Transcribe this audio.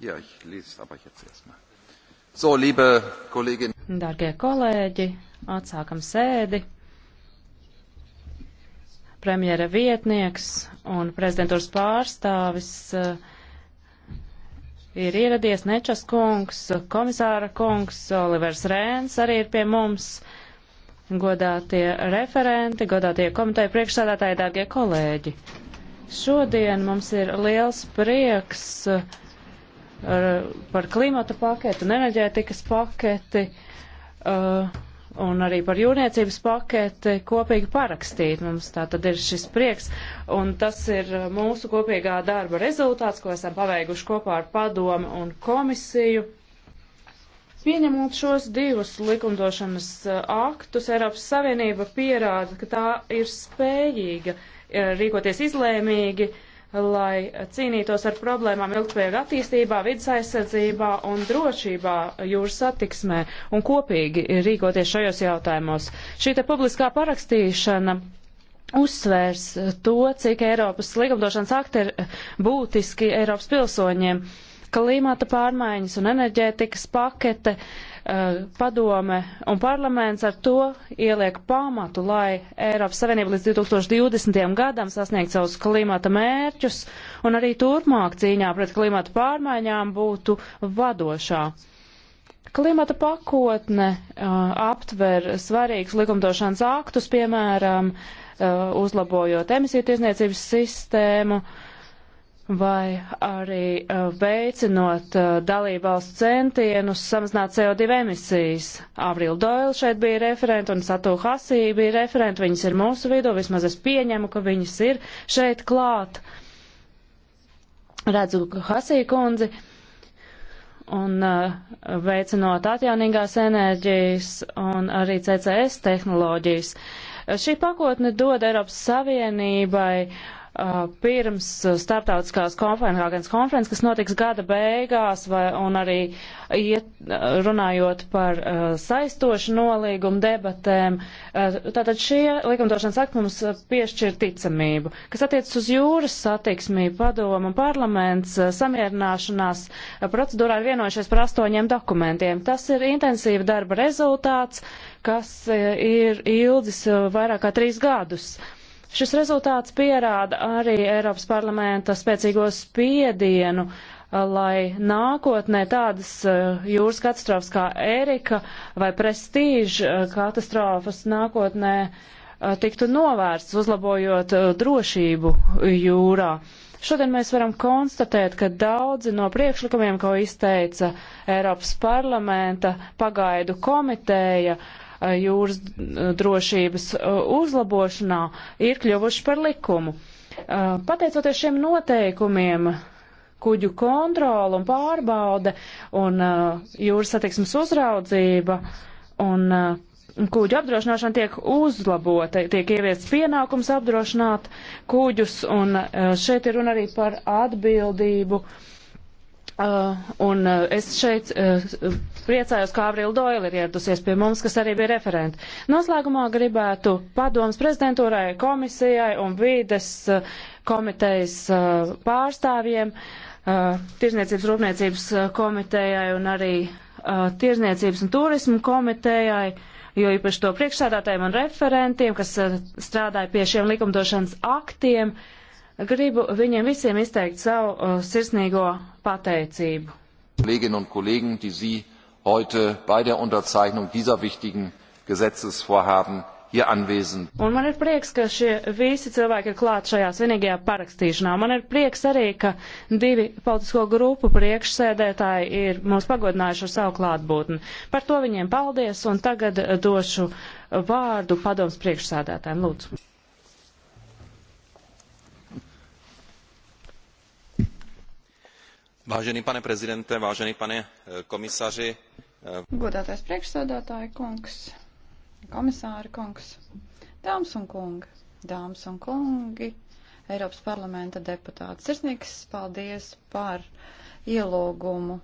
Ja, ich lese es aber jetzt erstmal. So, liebe Kollegin. Dargie kolēģi, atsākam sēdi. Premjera vietnieks un prezidentūras pārstāvis uh, ir ieradies Nečas kungs, komisāra kungs, Olivers Rēns arī ir pie mums, godātie referenti, godātie komiteja priekšsādātāji, dārgie kolēģi. Šodien mums ir liels prieks uh, par klimata paketu un enerģētikas paketi uh, un arī par jūrniecības paketi kopīgi parakstīt. Mums tā tad ir šis prieks, un tas ir uh, mūsu kopīgā darba rezultāts, ko esam paveikuši kopā ar padomu un komisiju. Pieņemot šos divus likumdošanas uh, aktus, Eiropas Savienība pierāda, ka tā ir spējīga rīkoties izlēmīgi, uh, lai cīnītos ar problēmām ilgspējīgā attīstībā, vidas aizsardzībā un drošībā jūras satiksmē un kopīgi rīkoties šajos jautājumos. Šī te publiskā parakstīšana uzsvērs to, cik Eiropas likumdošanas akti ir būtiski Eiropas pilsoņiem. Uh, Klimata pārmaiņas un enerģētikas pakete, eh, padome un parlaments ar to ieliek pamatu, lai Eiropas Savienība līdz 2020. gadam sasniegtu savus klimata mērķus un arī turpmāk cīņā pret klimata pārmaiņām būtu vadošā. Klimata pakotne uh, aptver svarīgus likumdošanas aktus, piemēram, uh, uzlabojot emisiju tirzniecības sistēmu, uh, vai arī uh, veicinot uh, dalībvalstu centienus samazināt CO2 emisijas. Avril Doyle šeit bija referenta un Satū Hasī bija referenta, viņas ir mūsu vidū, vismaz es pieņemu, ka viņas ir šeit klāt. Redzu Hasī kundzi. Un uh, veicinot atjaunīgās enerģijas un arī CCS tehnoloģijas. Šī pakotne dod Eiropas Savienībai uh, Uh, pirms startautiskās Kopenhāgenes konferences, kas notiks gada beigās, vai, un arī iet, uh, runājot par uh, saistošu nolīgumu debatēm. Uh, tātad šie likumdošanas akti mums uh, piešķir ticamību. Kas attiecas uz jūras satiksmī, padomu un parlaments uh, samierināšanās uh, procedūrā ir vienojušies par astoņiem dokumentiem. Tas ir intensīva darba rezultāts, kas uh, ir ilgs uh, vairāk kā trīs gadus. Uh, Šis rezultāts pierāda arī Eiropas parlamenta spēcīgo spiedienu, lai nākotnē tādas jūras katastrofas kā Erika vai prestīža katastrofas nākotnē tiktu novērsts, uzlabojot drošību jūrā. Šodien mēs varam konstatēt, ka daudzi no priekšlikumiem, ko izteica Eiropas parlamenta pagaidu komiteja, uh, Eh, jūras eh, drošības eh, uzlabošanā ir kļuvuši par likumu. Pateicoties šiem noteikumiem, kuģu kontrola un pārbaude un jūras satiksmes uzraudzība un kuģu apdrošināšana tiek uzlabota, tiek ieviests pienākums apdrošināt kuģus, un šeit ir runa arī par atbildību uh, Uh, un uh, es šeit uh, priecājos, ka Avril Doyle ir ieradusies pie mums, kas arī bija referenti. Noslēgumā gribētu padoms prezidentūrai, komisijai un vīdes uh, komitejas uh, pārstāvjiem, uh, tirzniecības rūpniecības komitejai un arī tirzniecības un turismu komitejai, jo īpaši to priekšsēdātājiem un referentiem, kas strādāja pie šiem likumdošanas aktiem. Uh, Gribu viņiem visiem izteikt savu uh, sirsnīgo pateicību. Kolleginnen un kolēģi, die Sie heute bei der Unterzeichnung dieser wichtigen Gesetzesvorhaben hier anwesend. Un man ir prieks, ka šie visi cilvēki ir klāt šajā svinīgajā parakstīšanā. Man ir prieks arī, ka divi politisko grupu priekšsēdētāji ir mūs pagodinājuši ar savu klātbūtni. Par to viņiem paldies un tagad došu vārdu padoms priekšsēdētājiem. Lūdzu. Vážený pane prezidente, vážený pane eh, eh, komisāri. Godātais priekšsādātāja kungs, komisāra kungs, dāmas un kungi, dāmas un kungi, Eiropas parlamenta deputāti. Sirsnīgs paldies par ielūgumu